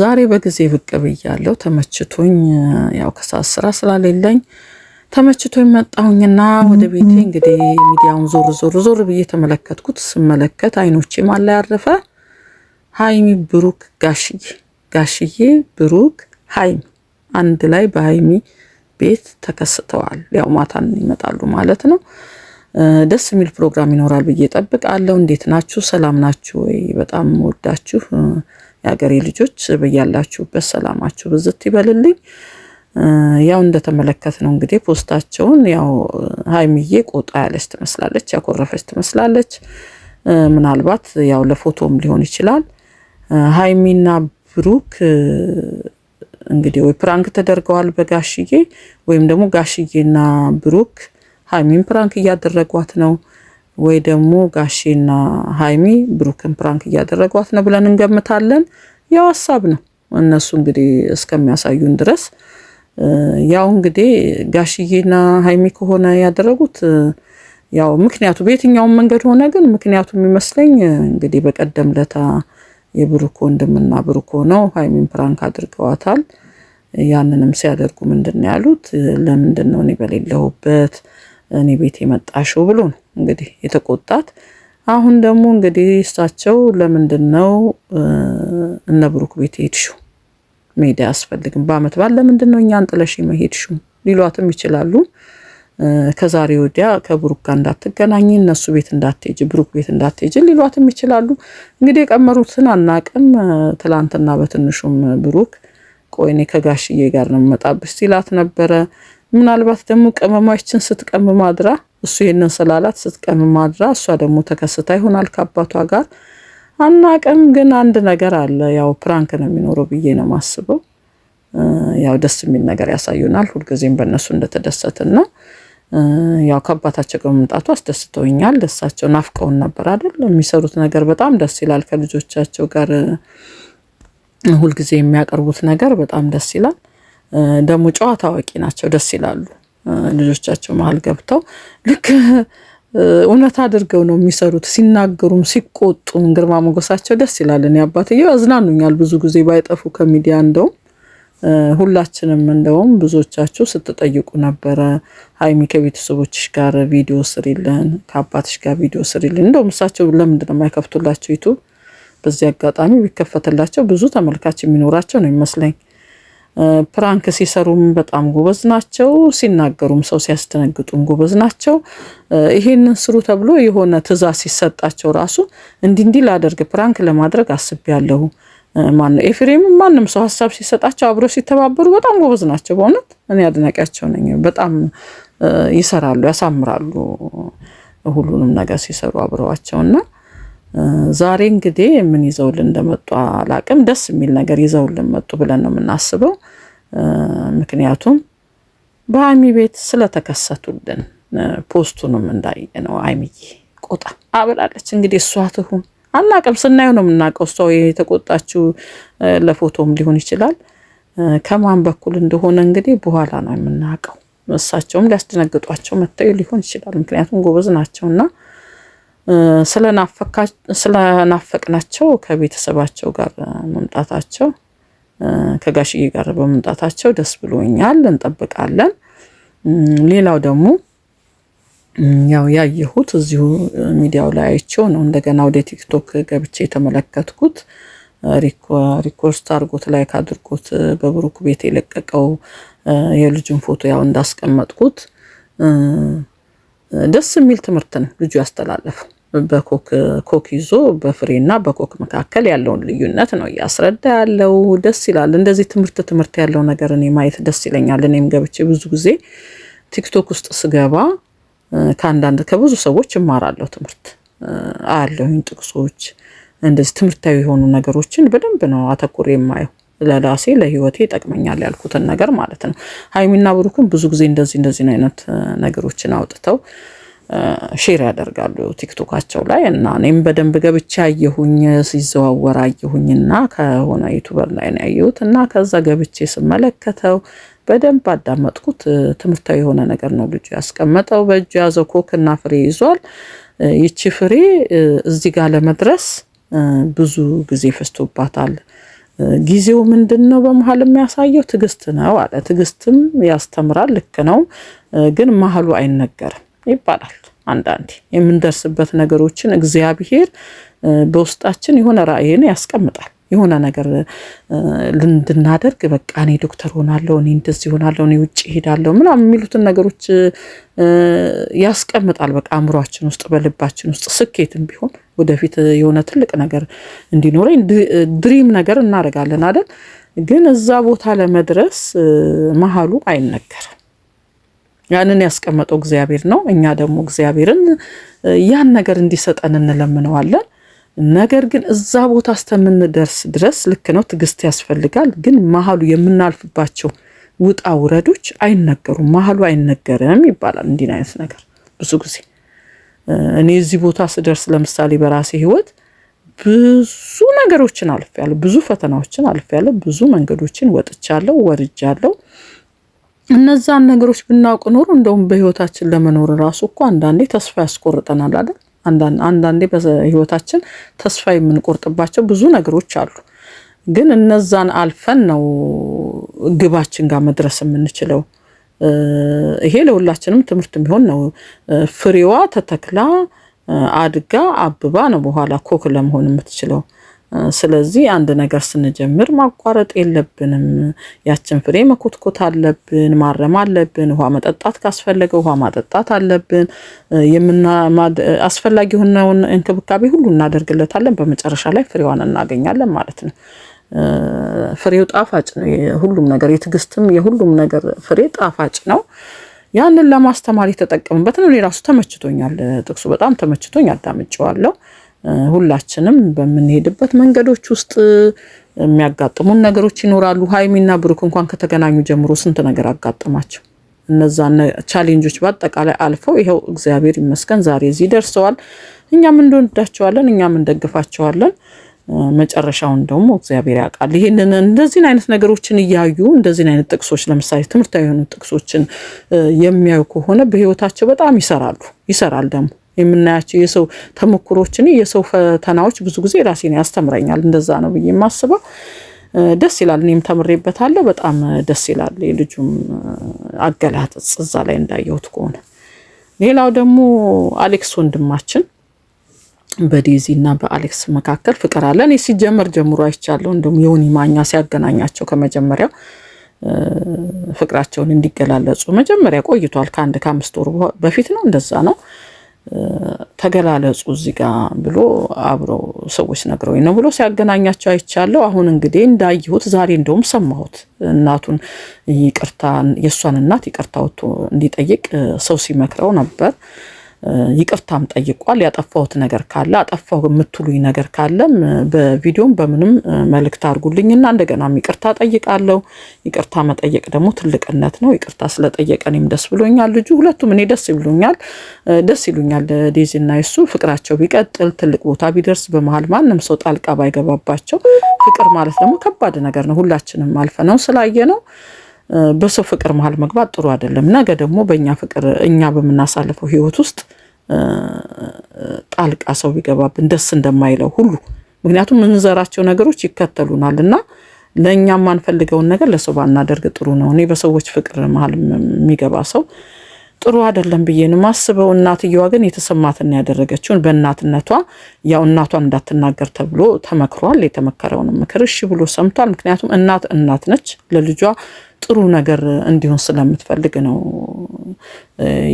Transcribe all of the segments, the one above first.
ዛሬ በጊዜ ብቅ ብያለሁ። ተመችቶኝ ያው ከሰዓት ስራ ስላሌለኝ ተመችቶኝ መጣሁኝና ወደ ቤቴ እንግዲህ ሚዲያውን ዞር ዞር ዞር ብዬ ተመለከትኩት። ስመለከት አይኖቼ ማን ላይ ያረፈ? ሀይሚ ብሩክ፣ ጋሽዬ ጋሽዬ ብሩክ ሀይሚ አንድ ላይ በሀይሚ ቤት ተከስተዋል። ያው ማታን ይመጣሉ ማለት ነው። ደስ የሚል ፕሮግራም ይኖራል ብዬ ጠብቃለሁ። እንዴት ናችሁ? ሰላም ናችሁ ወይ? በጣም ወዳችሁ የሀገሬ ልጆች በያላችሁበት ሰላማችሁ ብዝት ይበልልኝ። ያው እንደተመለከት ነው እንግዲህ ፖስታቸውን ያው ሀይሚዬ ቆጣ ያለች ትመስላለች፣ ያኮረፈች ትመስላለች። ምናልባት ያው ለፎቶም ሊሆን ይችላል። ሀይሚና ብሩክ እንግዲህ ወይ ፕራንክ ተደርገዋል በጋሽዬ ወይም ደግሞ ጋሽዬና ብሩክ ሀይሚን ፕራንክ እያደረጓት ነው ወይ ደግሞ ጋሼና ሀይሚ ብሩክን ፕራንክ እያደረጓት ነው ብለን እንገምታለን። ያው ሀሳብ ነው እነሱ እንግዲህ እስከሚያሳዩን ድረስ ያው እንግዲህ ጋሽዬና ሀይሚ ከሆነ ያደረጉት ያው ምክንያቱ በየትኛውም መንገድ ሆነ፣ ግን ምክንያቱ የሚመስለኝ እንግዲህ በቀደም ለታ የብሩክ ወንድምና ብሩክ ሆነው ሀይሚን ፕራንክ አድርገዋታል። ያንንም ሲያደርጉ ምንድን ነው ያሉት? ለምንድን ነው እኔ በሌለሁበት እኔ ቤት የመጣሽው ብሎ ነው እንግዲህ የተቆጣት። አሁን ደግሞ እንግዲህ እሳቸው ለምንድን ነው እነ ብሩክ ቤት ሄድሽው? መሄድ አያስፈልግም። በአመት በዓል ለምንድን ነው እኛን ጥለሽ መሄድሽው? ሊሏትም ይችላሉ። ከዛሬ ወዲያ ከብሩክ ጋር እንዳትገናኝ፣ እነሱ ቤት እንዳትሄጂ፣ ብሩክ ቤት እንዳትሄጂ ሊሏትም ይችላሉ። እንግዲህ የቀመሩትን አናቅም። ትላንትና በትንሹም ብሩክ ቆይኔ ከጋሽዬ ጋር ነው መጣብሽ ሲላት ነበረ። ምናልባት ደግሞ ቅመማችን ስትቀም ማድራ እሱ ይሄንን ስላላት ስትቀም ማድራ እሷ ደግሞ ተከስታ ይሆናል ከአባቷ ጋር አናቅም። ግን አንድ ነገር አለ። ያው ፕራንክ ነው የሚኖረው ብዬ ነው ማስበው ያው ደስ የሚል ነገር ያሳዩናል። ሁልጊዜም በእነሱ እንደተደሰትና ያው ከአባታቸው ጋር መምጣቱ አስደስተውኛል። ደሳቸው ናፍቀውን ነበር አይደል? የሚሰሩት ነገር በጣም ደስ ይላል። ከልጆቻቸው ጋር ሁልጊዜ የሚያቀርቡት ነገር በጣም ደስ ይላል። ደግሞ ጨዋታ አዋቂ ናቸው፣ ደስ ይላሉ። ልጆቻቸው መሀል ገብተው ልክ እውነት አድርገው ነው የሚሰሩት። ሲናገሩም ሲቆጡም ግርማ ሞገሳቸው ደስ ይላል። እኔ አባትየው ያዝናኑኛል ብዙ ጊዜ ባይጠፉ ከሚዲያ እንደውም ሁላችንም እንደውም ብዙዎቻችሁ ስትጠይቁ ነበረ፣ ሀይሚ ከቤተሰቦችሽ ጋር ቪዲዮ ስሪልን፣ ከአባትሽ ጋር ቪዲዮ ስሪልን። እንደውም እሳቸው ለምንድን ነው የማይከፍቱላቸው? ዩቱብ በዚህ አጋጣሚ ቢከፈትላቸው ብዙ ተመልካች የሚኖራቸው ነው ይመስለኝ። ፕራንክ ሲሰሩም በጣም ጎበዝ ናቸው። ሲናገሩም ሰው ሲያስደነግጡም ጎበዝ ናቸው። ይሄንን ስሩ ተብሎ የሆነ ትዕዛዝ ሲሰጣቸው ራሱ እንዲህ እንዲህ ላደርግ ፕራንክ ለማድረግ አስቤያለሁ። ማነው ኤፍሬም፣ ማንም ሰው ሀሳብ ሲሰጣቸው አብረው ሲተባበሩ በጣም ጎበዝ ናቸው። በእውነት እኔ አድናቂያቸው ነኝ። በጣም ይሰራሉ፣ ያሳምራሉ ሁሉንም ነገር ሲሰሩ አብረዋቸውና ዛሬ እንግዲህ ምን ይዘውልን እንደመጡ አላቅም። ደስ የሚል ነገር ይዘውልን መጡ ብለን ነው የምናስበው። ምክንያቱም በሀይሚ ቤት ስለተከሰቱልን ፖስቱንም እንዳየ ነው። ሀይሚዬ ቆጣ አብላለች። እንግዲህ እሷ ትሁን አናቅም፣ ስናየው ነው የምናውቀው። እሷ የተቆጣችው ለፎቶም ሊሆን ይችላል ከማን በኩል እንደሆነ እንግዲህ በኋላ ነው የምናውቀው። እሳቸውም ሊያስደነግጧቸው መታዩ ሊሆን ይችላል። ምክንያቱም ጎበዝ ናቸውና ስለናፈቅናቸው ከቤተሰባቸው ጋር መምጣታቸው ከጋሽዬ ጋር በመምጣታቸው ደስ ብሎኛል። እንጠብቃለን። ሌላው ደግሞ ያው ያየሁት እዚሁ ሚዲያው ላይ አይቼው ነው እንደገና ወደ ቲክቶክ ገብቼ የተመለከትኩት ሪኮርስት አድርጎት ላይ ካድርጎት በብሩክ ቤት የለቀቀው የልጁን ፎቶ ያው እንዳስቀመጥኩት ደስ የሚል ትምህርት ነው ልጁ ያስተላለፈው። በኮክ ኮክ ይዞ በፍሬና በኮክ መካከል ያለውን ልዩነት ነው እያስረዳ ያለው። ደስ ይላል። እንደዚህ ትምህርት ትምህርት ያለው ነገር እኔ ማየት ደስ ይለኛል። እኔም ገብቼ ብዙ ጊዜ ቲክቶክ ውስጥ ስገባ ከአንዳንድ ከብዙ ሰዎች እማራለሁ ትምህርት አያለሁኝ ጥቅሶች፣ እንደዚህ ትምህርታዊ የሆኑ ነገሮችን በደንብ ነው አተኩሬ የማየው። ለራሴ ለህይወቴ ይጠቅመኛል ያልኩትን ነገር ማለት ነው። ሀይሚና ብሩክን ብዙ ጊዜ እንደዚህ እንደዚህ አይነት ነገሮችን አውጥተው ሼር ያደርጋሉ ቲክቶካቸው ላይ እና እኔም በደንብ ገብቼ አየሁኝ፣ ሲዘዋወር አየሁኝና ከሆነ ዩቱበር ላይ ነው ያየሁት እና ከዛ ገብቼ ስመለከተው በደንብ አዳመጥኩት። ትምህርታዊ የሆነ ነገር ነው ልጁ ያስቀመጠው። በእጁ ኮክ ኮክና ፍሬ ይዟል። ይቺ ፍሬ እዚህ ጋር ለመድረስ ብዙ ጊዜ ፈስቶባታል። ጊዜው ምንድን ነው? በመሀል የሚያሳየው ትዕግስት ነው አለ። ትዕግስትም ያስተምራል። ልክ ነው፣ ግን መሀሉ አይነገርም። ይባላል። አንዳንዴ የምንደርስበት ነገሮችን እግዚአብሔር በውስጣችን የሆነ ራእይን ያስቀምጣል። የሆነ ነገር እንድናደርግ በቃ እኔ ዶክተር ሆናለሁ፣ እኔ እንደዚህ ሆናለሁ፣ እኔ ውጭ ሄዳለሁ ምናምን የሚሉትን ነገሮች ያስቀምጣል። በቃ አእምሯችን ውስጥ በልባችን ውስጥ ስኬትም ቢሆን ወደፊት የሆነ ትልቅ ነገር እንዲኖረኝ ድሪም ነገር እናደርጋለን አይደል? ግን እዛ ቦታ ለመድረስ መሀሉ አይነገርም። ያንን ያስቀመጠው እግዚአብሔር ነው። እኛ ደግሞ እግዚአብሔርን ያን ነገር እንዲሰጠን እንለምነዋለን። ነገር ግን እዛ ቦታ እስከምንደርስ ድረስ ልክ ነው፣ ትግስት ያስፈልጋል። ግን መሀሉ የምናልፍባቸው ውጣ ውረዶች አይነገሩም፣ መሀሉ አይነገርም ይባላል። እንዲህ አይነት ነገር ብዙ ጊዜ እኔ እዚህ ቦታ ስደርስ ለምሳሌ በራሴ ህይወት ብዙ ነገሮችን አልፌያለሁ፣ ብዙ ፈተናዎችን አልፌያለሁ፣ ብዙ መንገዶችን ወጥቻለሁ፣ ወርጃለሁ። እነዛን ነገሮች ብናውቅ ኖሮ እንደውም በህይወታችን ለመኖር ራሱ እኮ አንዳንዴ ተስፋ ያስቆርጠናል አይደል? አንዳንዴ በህይወታችን ተስፋ የምንቆርጥባቸው ብዙ ነገሮች አሉ። ግን እነዛን አልፈን ነው ግባችን ጋር መድረስ የምንችለው። ይሄ ለሁላችንም ትምህርት የሚሆን ነው። ፍሬዋ ተተክላ አድጋ አብባ ነው በኋላ ኮክ ለመሆን የምትችለው። ስለዚህ አንድ ነገር ስንጀምር ማቋረጥ የለብንም። ያችን ፍሬ መኮትኮት አለብን፣ ማረም አለብን። ውሃ መጠጣት ካስፈለገ ውሃ ማጠጣት አለብን። አስፈላጊ የሆነውን እንክብካቤ ሁሉ እናደርግለታለን። በመጨረሻ ላይ ፍሬዋን እናገኛለን ማለት ነው። ፍሬው ጣፋጭ ነው። የሁሉም ነገር የትዕግስትም የሁሉም ነገር ፍሬ ጣፋጭ ነው። ያንን ለማስተማር የተጠቀምበት ነው። እኔ ራሱ ተመችቶኛል፣ ጥቅሱ በጣም ተመችቶኝ አዳምጬዋለሁ። ሁላችንም በምንሄድበት መንገዶች ውስጥ የሚያጋጥሙን ነገሮች ይኖራሉ። ሀይሚና ብሩክ እንኳን ከተገናኙ ጀምሮ ስንት ነገር አጋጠማቸው። እነዛ ቻሌንጆች በአጠቃላይ አልፈው ይኸው እግዚአብሔር ይመስገን ዛሬ እዚህ ደርሰዋል። እኛም እንወዳቸዋለን፣ እኛም እንደግፋቸዋለን። መጨረሻውን ደግሞ እግዚአብሔር ያውቃል። ይህንን እንደዚህን አይነት ነገሮችን እያዩ እንደዚህን አይነት ጥቅሶች ለምሳሌ ትምህርታዊ የሆኑ ጥቅሶችን የሚያዩ ከሆነ በህይወታቸው በጣም ይሰራሉ ይሰራል ደግሞ የምናያቸው የሰው ተሞክሮችን የሰው ፈተናዎች ብዙ ጊዜ ራሴን ያስተምረኛል። እንደዛ ነው ብዬ የማስበው። ደስ ይላል። እኔም ተምሬበታለሁ። በጣም ደስ ይላል። የልጁም አገላጠጽ እዛ ላይ እንዳየሁት ከሆነ ሌላው ደግሞ አሌክስ ወንድማችን በዴዚ እና በአሌክስ መካከል ፍቅር አለ። እኔ ሲጀመር ጀምሮ አይቻለሁ። እንደውም የሆነ ማኛ ሲያገናኛቸው ከመጀመሪያው ፍቅራቸውን እንዲገላለጹ መጀመሪያ ቆይቷል። ከአንድ ከአምስት ወር በፊት ነው እንደዛ ነው ተገላለጹ እዚህ ጋር ብሎ አብሮ ሰዎች ነግረውኝ ነው ብሎ ሲያገናኛቸው አይቻለሁ። አሁን እንግዲህ እንዳየሁት ዛሬ እንደውም ሰማሁት እናቱን ይቅርታ የእሷን እናት ይቅርታ ወጥቶ እንዲጠይቅ ሰው ሲመክረው ነበር። ይቅርታም ጠይቋል። ያጠፋሁት ነገር ካለ አጠፋሁ የምትሉኝ ነገር ካለም በቪዲዮም በምንም መልእክት አድርጉልኝና እንደገናም ይቅርታ ጠይቃለሁ። ይቅርታ መጠየቅ ደግሞ ትልቅነት ነው። ይቅርታ ስለጠየቀ እኔም ደስ ብሎኛል። ልጁ ሁለቱም እኔ ደስ ይሉኛል ደስ ይሉኛል። እና እሱ ፍቅራቸው ቢቀጥል ትልቅ ቦታ ቢደርስ በመሀል ማንም ሰው ጣልቃ ባይገባባቸው ፍቅር ማለት ደግሞ ከባድ ነገር ነው። ሁላችንም አልፈ ነው ስላየ ነው በሰው ፍቅር መሀል መግባት ጥሩ አይደለም። ነገ ደግሞ በእኛ ፍቅር እኛ በምናሳልፈው ህይወት ውስጥ ጣልቃ ሰው ቢገባብን ደስ እንደማይለው ሁሉ ምክንያቱም የምንዘራቸው ነገሮች ይከተሉናል እና ለእኛ የማንፈልገውን ነገር ለሰው ባናደርግ ጥሩ ነው። እኔ በሰዎች ፍቅር መሀል የሚገባ ሰው ጥሩ አይደለም ብዬ ነው ማስበው። እናትየዋ ግን የተሰማትን ያደረገችውን በእናትነቷ ያው እናቷን እንዳትናገር ተብሎ ተመክሯል። የተመከረውን ምክር እሺ ብሎ ሰምቷል። ምክንያቱም እናት እናት ነች፣ ለልጇ ጥሩ ነገር እንዲሆን ስለምትፈልግ ነው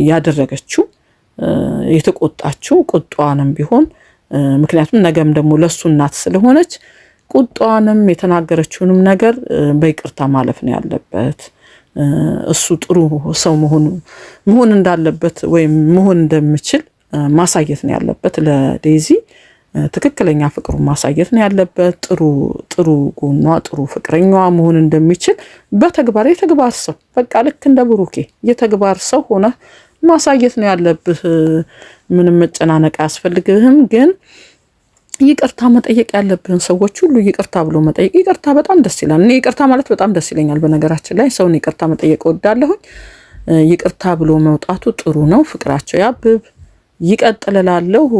ያደረገችው የተቆጣችው ቁጧንም ቢሆን ምክንያቱም ነገም ደግሞ ለሱ እናት ስለሆነች ቁጣዋንም የተናገረችውንም ነገር በይቅርታ ማለፍ ነው ያለበት። እሱ ጥሩ ሰው መሆኑ መሆን እንዳለበት ወይም መሆን እንደምችል ማሳየት ነው ያለበት። ለዴዚ ትክክለኛ ፍቅሩ ማሳየት ነው ያለበት። ጥሩ ጥሩ ጎኗ ጥሩ ፍቅረኛዋ መሆን እንደሚችል በተግባር የተግባር ሰው በቃ ልክ እንደ ብሩኬ የተግባር ሰው ሆነ ማሳየት ነው ያለብህ። ምንም መጨናነቅ አያስፈልግህም ግን ይቅርታ መጠየቅ ያለብን ሰዎች ሁሉ ይቅርታ ብሎ መጠየቅ። ይቅርታ በጣም ደስ ይላል። እኔ ይቅርታ ማለት በጣም ደስ ይለኛል። በነገራችን ላይ ሰውን ይቅርታ መጠየቅ እወዳለሁኝ። ይቅርታ ብሎ መውጣቱ ጥሩ ነው። ፍቅራቸው ያብብ ይቀጥልላለሁ።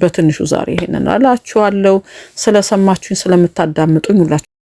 በትንሹ ዛሬ ይሄንን እላችኋለሁ። ስለሰማችሁኝ ስለምታዳምጡኝ ሁላችሁ